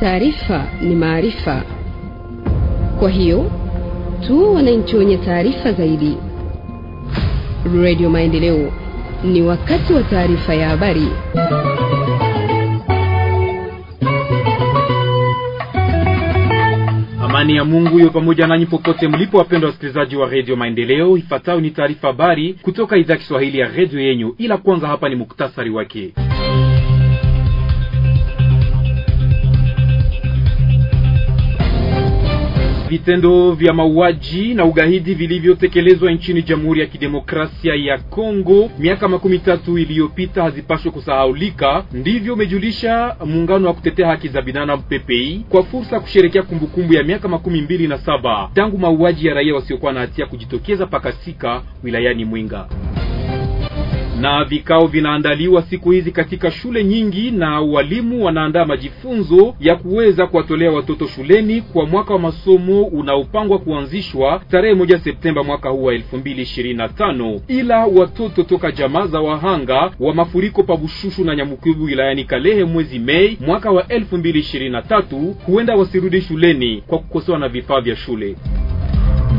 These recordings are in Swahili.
Taarifa ni maarifa, kwa hiyo tu wananchi wenye taarifa zaidi. Radio Maendeleo, ni wakati wa taarifa ya habari. Amani ya Mungu iwe pamoja nanyi popote mlipo, wapendwa wasikilizaji wa redio Maendeleo. Ifuatayo ni taarifa habari kutoka idhaa Kiswahili ya redio yenyu, ila kwanza hapa ni muktasari wake. Vitendo vya mauaji na ugaidi vilivyotekelezwa nchini Jamhuri ya Kidemokrasia ya Kongo miaka makumi tatu iliyopita hazipaswi kusahaulika. Ndivyo umejulisha muungano wa kutetea haki za binadamu PPI kwa fursa ya kusherekea kumbukumbu ya miaka makumi mbili na saba tangu mauaji ya raia wasiokuwa na hatia kujitokeza pakasika wilayani mwinga na vikao vinaandaliwa siku hizi katika shule nyingi, na walimu wanaandaa majifunzo ya kuweza kuwatolea watoto shuleni kwa mwaka wa masomo unaopangwa kuanzishwa tarehe moja Septemba mwaka huu wa elfu mbili ishirini na tano. Ila watoto toka jamaa za wahanga wa mafuriko pa Bushushu na Nyamukubu wilayani Kalehe mwezi Mei mwaka wa elfu mbili ishirini na tatu huenda wasirudi shuleni kwa kukosewa na vifaa vya shule.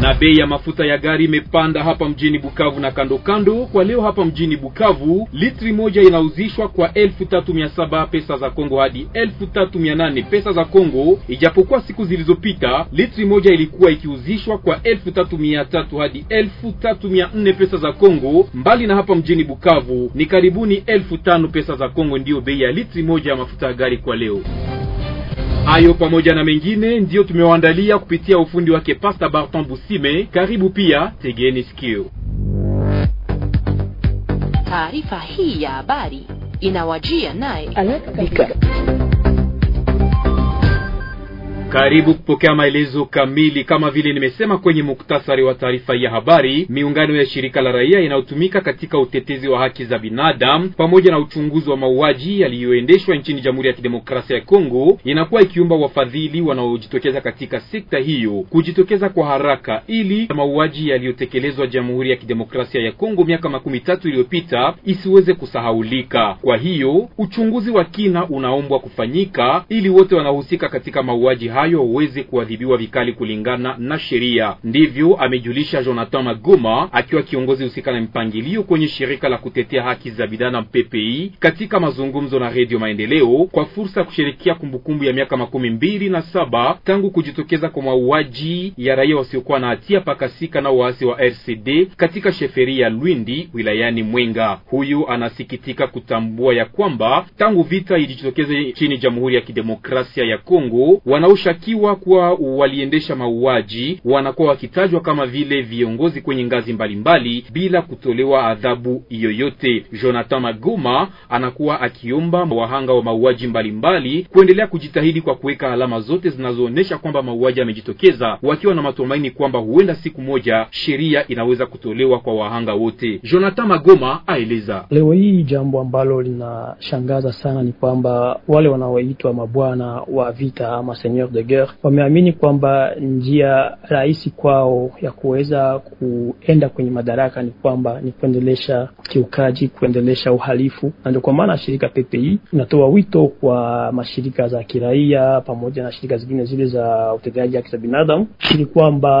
Na bei ya mafuta ya gari imepanda hapa mjini Bukavu na kando kando. Kwa leo hapa mjini Bukavu, litri moja inauzishwa kwa elfu tatu mia saba pesa za Kongo hadi elfu tatu mia nane pesa za Kongo, ijapokuwa siku zilizopita litri moja ilikuwa ikiuzishwa kwa elfu tatu mia tatu hadi elfu tatu mia nne pesa za Kongo. Mbali na hapa mjini Bukavu ni karibuni elfu tano pesa za Kongo, ndiyo bei ya litri moja ya mafuta ya gari kwa leo. Hayo pamoja na mengine ndiyo tumewaandalia kupitia ufundi wake Pasta Barton Busime. Karibu pia, tegeni sikio. Taarifa hii ya habari inawajia naye karibu kupokea maelezo kamili. Kama vile nimesema kwenye muktasari wa taarifa ya habari, miungano ya shirika la raia inayotumika katika utetezi wa haki za binadamu pamoja na uchunguzi wa mauaji yaliyoendeshwa nchini Jamhuri ya Kidemokrasia ya Kongo inakuwa ikiumba wafadhili wanaojitokeza katika sekta hiyo kujitokeza kwa haraka ili mauaji yaliyotekelezwa Jamhuri ya Kidemokrasia ya Kongo miaka makumi tatu iliyopita isiweze kusahaulika. Kwa hiyo uchunguzi wa kina unaombwa kufanyika ili wote wanaohusika katika mauaji hayo waweze kuadhibiwa vikali kulingana na sheria. Ndivyo amejulisha Jonathan Magoma akiwa kiongozi husika na mipangilio kwenye shirika la kutetea haki za na PPI e, katika mazungumzo na Redio Maendeleo kwa fursa ya kusherekea kumbukumbu ya miaka makumi mbili na saba tangu kujitokeza kwa mauaji ya raia wasiokuwa na hatia pakasika na waasi wa RCD katika sheferi ya Lwindi wilayani Mwenga. Huyu anasikitika kutambua ya kwamba tangu vita ilijitokeza nchini Jamhuri ya Kidemokrasia ya Kongo wanaosha Washukiwa kuwa waliendesha mauaji wanakuwa wakitajwa kama vile viongozi kwenye ngazi mbalimbali bila kutolewa adhabu yoyote. Jonathan Magoma anakuwa akiomba wahanga wa mauaji mbalimbali kuendelea kujitahidi kwa kuweka alama zote zinazoonyesha kwamba mauaji yamejitokeza, wakiwa na matumaini kwamba huenda siku moja sheria inaweza kutolewa kwa wahanga wote. Jonathan Magoma aeleza leo hii jambo ambalo linashangaza sana ni kwamba wale wanaoitwa mabwana wa vita ama seigneur de de Guerre wameamini kwamba njia rahisi kwao ya kuweza kuenda kwenye madaraka ni kwamba ni kuendelesha kiukaji, kuendelesha uhalifu, na ndio kwa maana shirika PPI e inatoa wito kwa mashirika za kiraia pamoja na shirika zingine zile za uteteaji haki za binadamu ili kwamba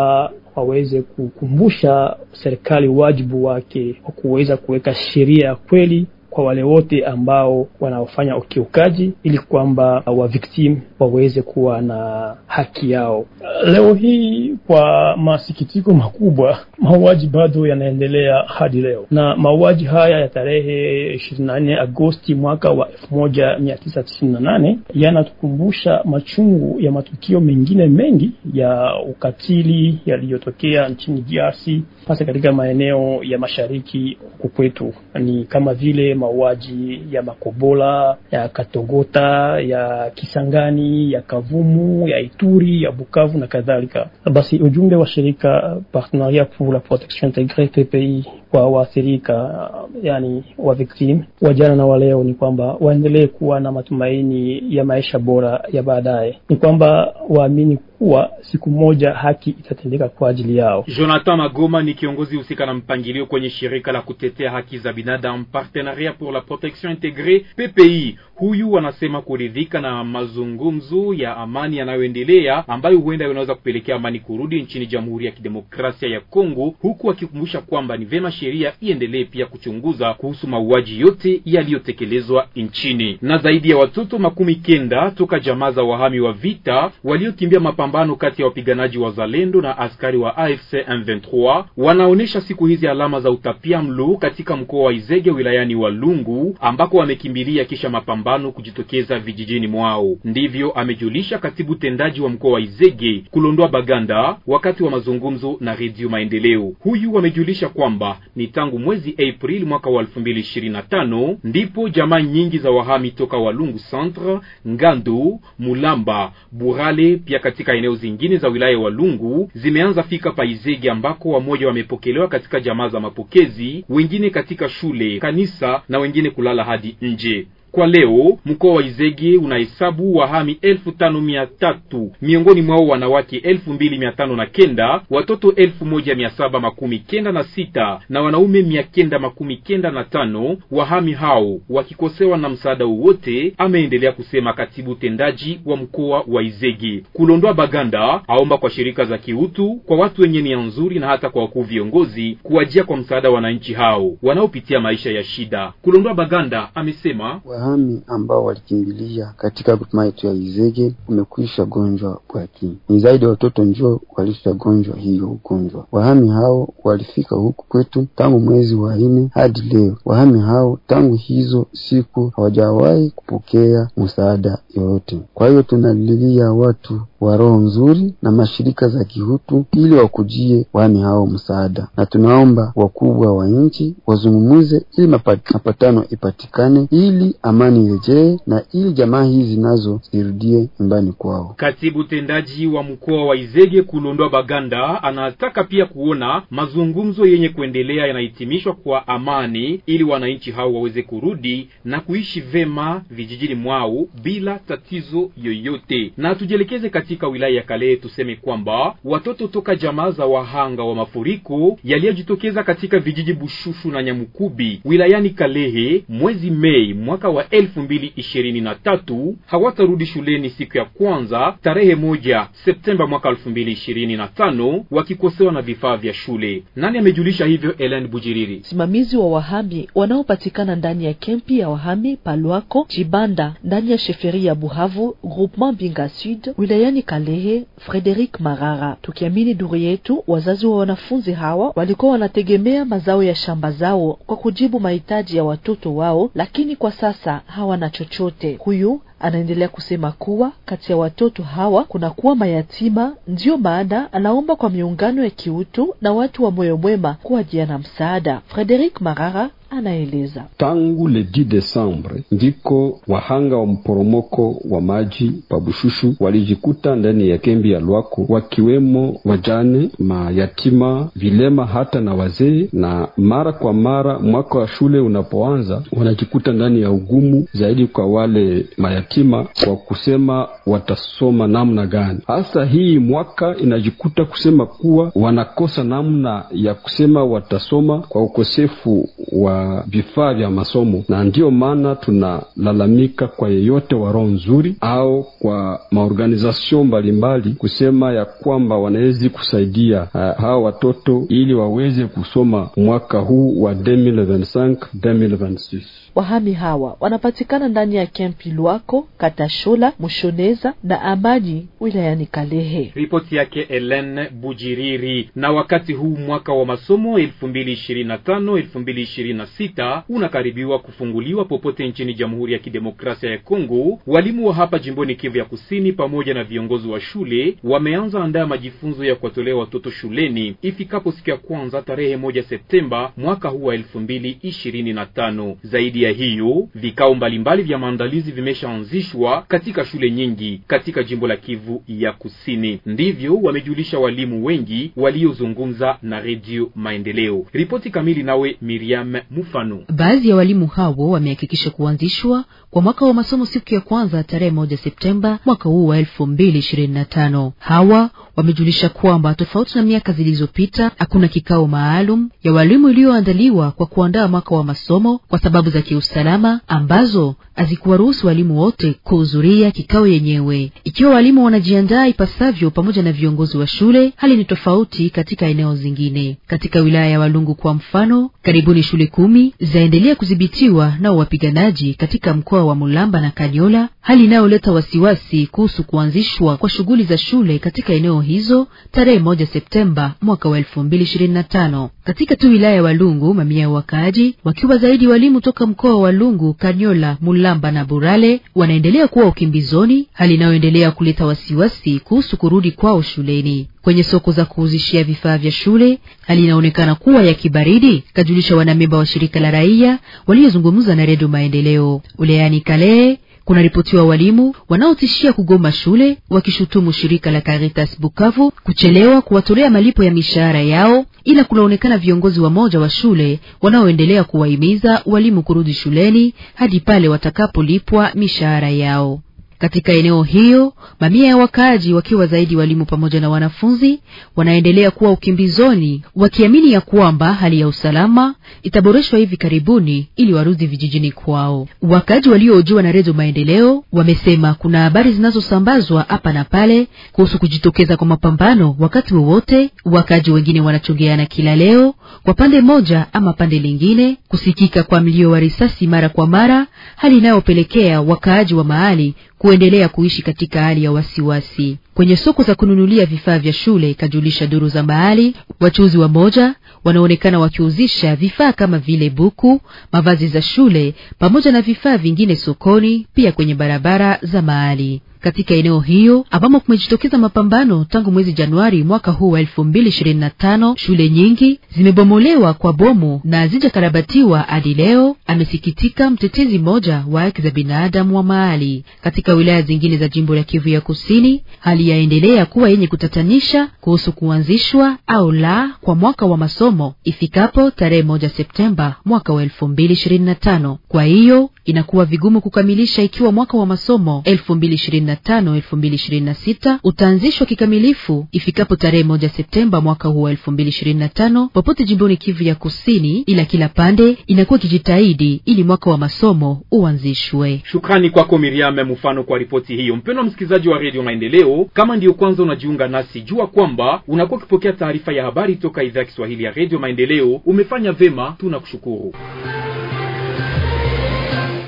waweze kukumbusha serikali wajibu wake wa kuweza kuweka sheria ya kweli kwa wale wote ambao wanaofanya ukiukaji, ili kwamba waviktimu waweze kuwa na haki yao. Leo hii kwa masikitiko makubwa mauaji bado yanaendelea hadi leo, na mauaji haya ya tarehe 24 Agosti mwaka wa 1998 yanatukumbusha machungu ya matukio mengine mengi ya ukatili yaliyotokea nchini DRC, hasa katika maeneo ya mashariki huku kwetu, ni kama vile mauaji ya Makobola, ya Katogota, ya Kisangani, ya Kavumu, ya Ituri, ya Bukavu na kadhalika. Basi ujumbe wa shirika Partenariat pour Kitengo la Protection Integree PPI kwa waathirika, yani wa victim, wajana na waleo, ni kwamba waendelee kuwa na matumaini ya maisha bora ya baadaye, ni kwamba waamini kuwa siku moja haki itatendeka kwa ajili yao. Jonathan Magoma ni kiongozi husika na mpangilio kwenye shirika la kutetea haki za binadamu Partenariat pour la Protection Integree PPI. Huyu anasema kuridhika na mazungumzo ya amani yanayoendelea ambayo huenda yanaweza kupelekea amani kurudi nchini Jamhuri ya Kidemokrasia ya Kongo, huku akikumbusha kwamba ni vema sheria iendelee pia kuchunguza kuhusu mauaji yote yaliyotekelezwa nchini. Na zaidi ya watoto makumi kenda toka jamaa za wahami wa vita waliokimbia mapambano mapambano kati ya wapiganaji wa Zalendo na askari wa AFC M23 wanaonyesha siku hizi alama za utapia mlo katika mkoa wa Izege wilayani wa lungu ambako wamekimbilia kisha mapambano kujitokeza vijijini mwao. Ndivyo amejulisha katibu tendaji wa mkoa wa Izege Kulondwa Baganda wakati wa mazungumzo na Redio Maendeleo. Huyu amejulisha kwamba ni tangu mwezi Aprili mwaka wa 2025 ndipo jamaa nyingi za wahami toka Walungu Centre, Ngando, Mulamba, Burale pia katika maeneo zingine za wilaya wa lungu zimeanza fika Paizege, ambako wamoja wamepokelewa katika jamaa za mapokezi, wengine katika shule, kanisa na wengine kulala hadi nje. Kwa leo mkoa wa Izege unahesabu wahami elfu tano mia tatu miongoni mwao wanawake elfu mbili mia tano na kenda watoto elfu moja mia saba makumi kenda na sita na wanaume mia kenda makumi kenda na tano wahami hao wakikosewa na msaada wowote, ameendelea kusema katibu tendaji wa mkoa wa Izege. Kulondoa Baganda aomba kwa shirika za kiutu, kwa watu wenye nia nzuri na hata kwa wakuu viongozi kuwajia kwa msaada wananchi hao wanaopitia maisha ya shida. Kulondoa Baganda amesema Wahami ambao walikimbilia katika grupma yetu ya Izege umekwisha gonjwa bwaki. Ni zaidi ya watoto ndio walisha gonjwa hiyo ugonjwa. Wahami hao walifika huku kwetu tangu mwezi wa nne hadi leo. Wahami hao tangu hizo siku hawajawahi kupokea msaada yoyote. Kwa hiyo tunalilia watu wa roho nzuri na mashirika za kihutu ili wakujie wani hao msaada, na tunaomba wakubwa wa nchi wazungumuze ili mapatano ipatikane, ili amani irejee na ili jamaa hizi nazo zirudie nyumbani kwao. Katibu tendaji wa mkoa wa Izege Kulondwa Baganda anataka pia kuona mazungumzo yenye kuendelea yanahitimishwa kwa amani, ili wananchi hao waweze kurudi na kuishi vema vijijini mwao bila tatizo yoyote, na tujielekeze kati katika wilaya ya Kalehe, tuseme kwamba watoto toka jamaa za wahanga wa mafuriko yaliyojitokeza katika vijiji Bushushu na Nyamukubi wilayani Kalehe mwezi Mei mwaka wa 2023 hawatarudi shuleni siku ya kwanza tarehe moja Septemba mwaka 2025 wakikosewa na vifaa vya shule. Nani amejulisha hivyo? Ellen Bujiriri, msimamizi wa wahami wanaopatikana ndani ya kempi ya wahami Palwako Chibanda ndani ya sheferi ya Buhavu, Groupement Binga Sud wilayani mjini Kalehe, frederik Marara. Tukiamini duru yetu, wazazi wa wanafunzi hawa walikuwa wanategemea mazao ya shamba zao kwa kujibu mahitaji ya watoto wao, lakini kwa sasa hawana chochote. Huyu anaendelea kusema kuwa kati ya watoto hawa kunakuwa mayatima, ndiyo maana anaomba kwa miungano ya kiutu na watu wa moyo mwema kuwajia na msaada. Frederic Marara anaeleza. Tangu le 10 Desembre ndiko wahanga wa mporomoko wa maji pa Bushushu walijikuta ndani ya kembi ya Lwako, wakiwemo wajane, mayatima, vilema hata na wazee, na mara kwa mara mwaka wa shule unapoanza wanajikuta ndani ya ugumu zaidi kwa wale mayatima kwa kusema watasoma namna gani. Hasa hii mwaka inajikuta kusema kuwa wanakosa namna ya kusema watasoma kwa ukosefu wa vifaa vya masomo, na ndiyo maana tunalalamika kwa yeyote wa roho nzuri au kwa maorganizasio mbalimbali kusema ya kwamba wanawezi kusaidia uh, hawa watoto ili waweze kusoma mwaka huu wa 2025 2026. Wahami hawa wanapatikana ndani ya kempi Lwako, Katashola, Mushoneza na Amani wilayani Kalehe. Ripoti yake elen Bujiriri. Na wakati huu mwaka wa masomo 2025 2026 unakaribiwa kufunguliwa popote nchini Jamhuri ya Kidemokrasia ya Kongo, walimu wa hapa jimboni Kivu ya Kusini pamoja na viongozi wa shule wameanza andaa majifunzo ya kuwatolea watoto shuleni ifikapo siku ya kwanza tarehe moja Septemba mwaka huu wa 2025 zaidi ya hiyo, vikao mbalimbali vya maandalizi vimeshaanzishwa katika shule nyingi katika jimbo la Kivu ya Kusini. Ndivyo wamejulisha walimu wengi waliozungumza na Redio Maendeleo. Ripoti kamili nawe Miriam Mufano. Baadhi ya walimu hao wamehakikisha kuanzishwa kwa mwaka wa masomo siku ya kwanza tarehe moja Septemba mwaka huu wa elfu mbili ishirini na tano. Hawa wamejulisha kwamba tofauti na miaka zilizopita hakuna kikao maalum ya walimu iliyoandaliwa kwa kuandaa mwaka wa masomo kwa sababu za kiusalama ambazo hazikuwaruhusu walimu wote kuhudhuria kikao yenyewe. Ikiwa walimu wanajiandaa ipasavyo pamoja na viongozi wa shule, hali ni tofauti katika eneo zingine. Katika wilaya ya Walungu kwa mfano, karibuni shule kumi zaendelea kudhibitiwa nao wapiganaji katika mkoa wa Mulamba na Kanyola, hali inayoleta wasiwasi kuhusu kuanzishwa kwa shughuli za shule katika eneo hizo tarehe moja Septemba mwaka wa elfu mbili ishirini na tano. Katika tu wilaya ya Walungu, mamia ya wakaaji wakiwa zaidi walimu toka mkoa wa Lungu, Kanyola, Mulamba na Burale wanaendelea kuwa ukimbizoni, hali inayoendelea kuleta wasiwasi kuhusu kurudi kwao shuleni. Kwenye soko za kuuzishia vifaa vya shule hali inaonekana kuwa ya kibaridi, kajulisha wanamemba wa shirika la raia waliozungumza na Redio Maendeleo uleani Kalehe kunaripotiwa walimu wanaotishia kugoma shule wakishutumu shirika la Caritas Bukavu kuchelewa kuwatolea malipo ya mishahara yao, ila kunaonekana viongozi wa moja wa shule wanaoendelea kuwahimiza walimu kurudi shuleni hadi pale watakapolipwa mishahara yao. Katika eneo hiyo, mamia ya wakaaji wakiwa zaidi walimu pamoja na wanafunzi wanaendelea kuwa ukimbizoni, wakiamini ya kwamba hali ya usalama itaboreshwa hivi karibuni ili warudi vijijini kwao. Wakaaji waliohojiwa na Redio Maendeleo wamesema kuna habari zinazosambazwa hapa na pale kuhusu kujitokeza kwa mapambano wakati wowote. Wakaaji wengine wanachongeana kila leo kwa pande moja ama pande lingine, kusikika kwa mlio wa risasi mara kwa mara, hali inayopelekea wakaaji wa mahali ku kuendelea kuishi katika hali ya wasiwasi kwenye soko za kununulia vifaa vya shule, ikajulisha duru za mahali Wachuuzi wa moja wanaonekana wakiuzisha vifaa kama vile buku, mavazi za shule pamoja na vifaa vingine sokoni, pia kwenye barabara za mahali katika eneo hiyo ambamo kumejitokeza mapambano tangu mwezi Januari mwaka huu wa elfu mbili ishirini na tano. Shule nyingi zimebomolewa kwa bomu na hazijakarabatiwa hadi leo, amesikitika mtetezi mmoja wa haki za binadamu wa mahali. Katika wilaya zingine za jimbo la Kivu ya Kusini, hali yaendelea kuwa yenye kutatanisha kuhusu kuanzishwa au la kwa mwaka wa masomo ifikapo tarehe moja Septemba mwaka wa elfu mbili ishirini na tano. Kwa hiyo inakuwa vigumu kukamilisha ikiwa mwaka wa masomo elfu mbili ishirini 15 2026 utaanzishwa kikamilifu ifikapo tarehe moja Septemba mwaka huu wa 2025 popote jimboni Kivu ya Kusini, ila kila pande inakuwa ikijitahidi ili mwaka wa masomo uanzishwe. Shukrani kwako Miriam Mfano kwa ripoti hiyo. Mpendwa msikilizaji wa redio Maendeleo, kama ndiyo kwanza unajiunga nasi, jua kwamba unakuwa ukipokea taarifa ya habari toka idhaa ya Kiswahili ya redio Maendeleo. Umefanya vema, tunakushukuru.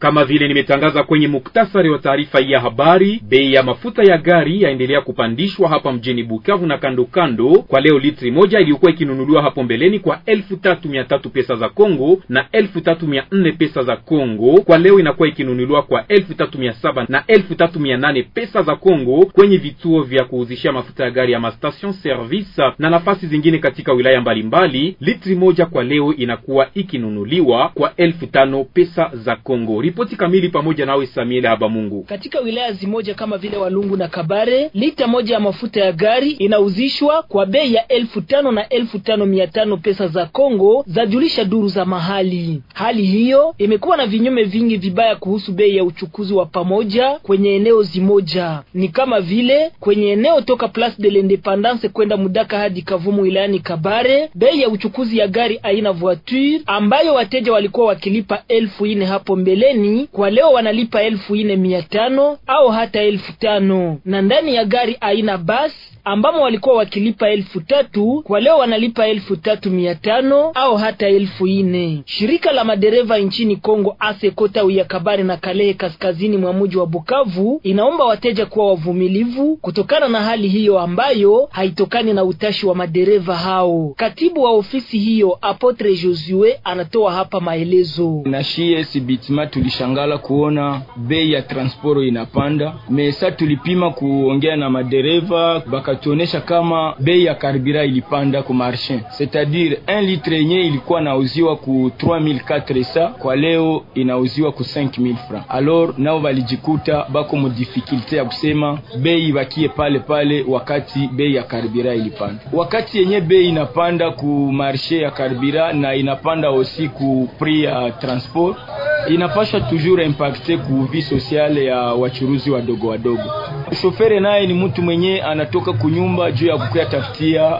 kama vile nimetangaza kwenye muktasari wa taarifa ya habari, bei ya mafuta ya gari yaendelea kupandishwa hapa mjini Bukavu na kando kando. Kwa leo litri moja iliyokuwa ikinunuliwa hapo mbeleni kwa elfu tatu mia tatu pesa za Kongo na elfu tatu mia nne pesa za Kongo, kwa leo inakuwa ikinunuliwa kwa elfu tatu mia saba na elfu tatu mia nane pesa za Kongo kwenye vituo vya kuuzishia mafuta ya gari ya mastation service na nafasi zingine katika wilaya mbalimbali. Litri moja kwa leo inakuwa ikinunuliwa kwa elfu tano pesa za Kongo. Ripoti kamili pamoja nawe Samuel Habamungu. Katika wilaya zimoja kama vile Walungu na Kabare, lita moja ya mafuta ya gari inauzishwa kwa bei ya elfu tano na elfu tano mia tano pesa za Kongo, zajulisha duru za mahali. Hali hiyo imekuwa na vinyume vingi vibaya kuhusu bei ya uchukuzi wa pamoja kwenye eneo zimoja, ni kama vile kwenye eneo toka Place de l'Independance kwenda Mudaka hadi Kavumu wilayani Kabare, bei ya uchukuzi ya gari aina voiture ambayo wateja walikuwa wakilipa elfu ine hapo mbeleni fulani kwa leo wanalipa elfu ine mia tano au hata elfu tano na ndani ya gari aina basi ambamo walikuwa wakilipa elfu tatu kwa leo wanalipa elfu tatu mia tano au hata elfu ine. Shirika la madereva nchini Kongo asekota uyakabari na Kalehe kaskazini mwa mji wa Bukavu inaomba wateja kuwa wavumilivu kutokana na hali hiyo ambayo haitokani na utashi wa madereva hao. Katibu wa ofisi hiyo Apotre Josue anatoa hapa maelezo. na shie sibitima tulishangala kuona bei ya transporo inapanda mesa, tulipima kuongea na madereva baka akatuonesha kama bei ya karibira ilipanda ku marshe, c'est-à-dire 1 litre yenye ilikuwa nauziwa ku 3400 kwa leo inauziwa ku 5000 francs. Alors nao valijikuta bako difficulté ya kusema bei bakie pale pale, wakati bei ya karibira ilipanda. Wakati yenye bei inapanda ku marshe ya karbira na inapanda osi ku pri ya transport inapasha toujours impacte vie sociale ya wachuruzi wadogo wadogo. Shofere naye ni mtu mwenye anatoka kunyumba juu ya kukuya tafutia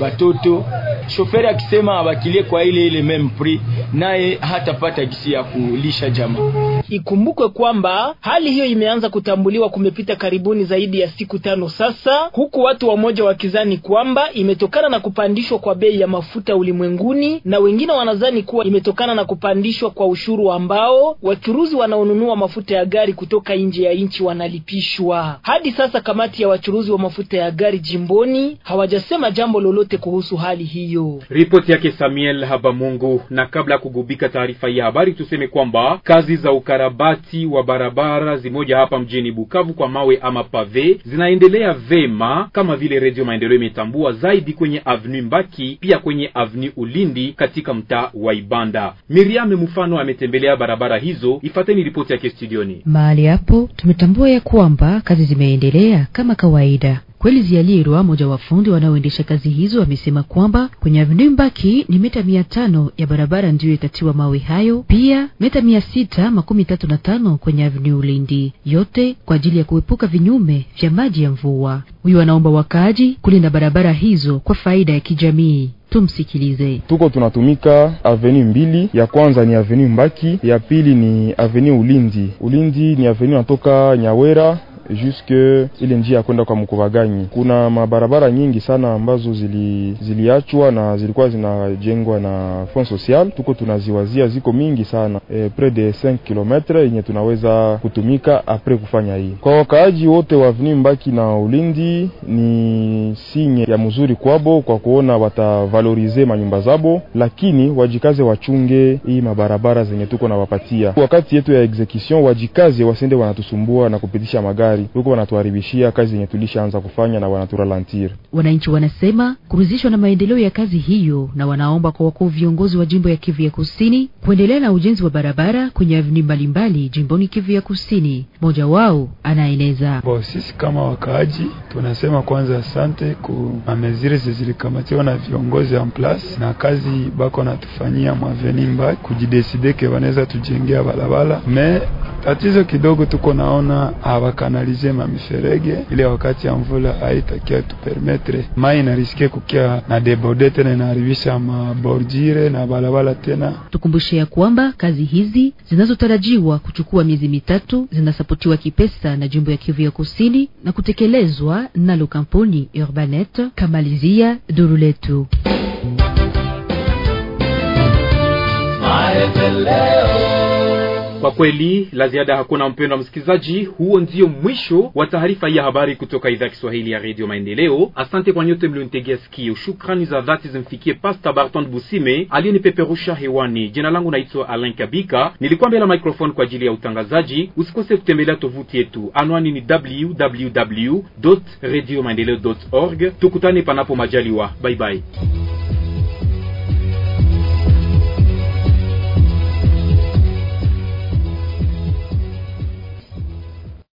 batoto. Shofere akisema abakilie kwa ile ile meme prix, naye hatapata gisi ya kulisha jamaa. Ikumbukwe kwamba hali hiyo imeanza kutambuliwa kumepita karibuni zaidi ya siku tano sasa, huku watu wamoja wakizani kwamba imetokana na kupandishwa kwa bei ya mafuta ulimwenguni, na wengine wanazani kuwa imetokana na kupandishwa kwa ushuru ambao wachuruzi wanaonunua mafuta ya gari kutoka nje ya nchi wanalipishwa. Hadi sasa kamati ya wachuruzi wa mafuta ya gari jimboni hawajasema jambo lolote kuhusu hali hiyo. Ripoti yake Samuel Habamungu. Na kabla ya kugubika taarifa ya habari, tuseme kwamba kazi za ukara ukarabati wa barabara zimoja hapa mjini Bukavu kwa mawe ama pave zinaendelea vema, kama vile Redio Maendeleo imetambua zaidi kwenye Avenue Mbaki, pia kwenye Avenue Ulindi katika mtaa wa Ibanda. Miriam Mfano ametembelea barabara hizo, ifateni ripoti yake studioni. Mahali hapo tumetambua ya kwamba kazi zimeendelea kama kawaida Kweli Zialirwa, moja wa fundi wanaoendesha kazi hizo, amesema kwamba kwenye Avenue Mbaki ni meta mia tano ya barabara ndiyo itatiwa mawe hayo, pia meta mia sita makumi tatu na tano kwenye Avenue Ulindi, yote kwa ajili ya kuepuka vinyume vya maji ya mvua. Huyu anaomba wakaaji kulinda barabara hizo kwa faida ya kijamii. Tumsikilize. Tuko tunatumika avenue mbili, ya kwanza ni avenue Mbaki, ya pili ni avenue Ulindi. Ulindi ni avenue natoka Nyawera juske ile njia ya kwenda kwa Mkuvaganyi. Kuna mabarabara nyingi sana ambazo zili, ziliachwa na zilikuwa zinajengwa na fond social, tuko tunaziwazia, ziko mingi sana e, pre de 5 km yenye tunaweza kutumika apres kufanya hii. Kwa wakaaji wote wa Avenue Mbaki na Ulindi ni sinye ya mzuri kwabo kwa kuona watavalorize manyumba zabo, lakini wajikaze wachunge hii mabarabara zenye tuko na wapatia wakati yetu ya execution, wajikaze wasende wanatusumbua na kupitisha magari serikali huko wanatuharibishia kazi yenye tulishaanza kufanya na wanaturalantir. Wananchi wanasema kuruzishwa na maendeleo ya kazi hiyo, na wanaomba kwa wakuu viongozi wa jimbo ya Kivu ya Kusini kuendelea na ujenzi wa barabara kwenye avni mbalimbali jimboni Kivu ya Kusini. Mmoja wao anaeleza Bo, sisi kama wakaaji tunasema kwanza asante ku mamezire zilikamatiwa na viongozi en place na kazi bako natufanyia mwaveni mbaki kujideside ke wanaweza tujengea barabara me tatizo kidogo tuko naona hawakana tuanalize mamiferege ile wakati ya mvula haitakia tupermetre mai inariske kukia na debode tena inaharibisha mabordire na balabala tena. Tukumbushe ya kwamba kazi hizi zinazotarajiwa kuchukua miezi mitatu zinasapotiwa kipesa na jimbo ya Kivu ya Kusini na kutekelezwa nalo kampuni Urbanet kamalizia duru letu kwa kweli la ziada hakuna, wa msikilizaji, huo ndio mwisho wa taarifa ya habari kutoka idhaa Kiswahili ya Radio Maendeleo. Asante kwa nyote mlionitegea sikio. Shukrani za dhati zimfikie Pasta Barton Busime aliyenipeperusha hewani. Jina langu naitwa Alain Kabika, nilikuwa mbele microphone kwa ajili ya utangazaji. Usikose kutembelea tovuti yetu, anwani ni www.radiomaendeleo.org. Tukutane panapo majaliwa, bye bye.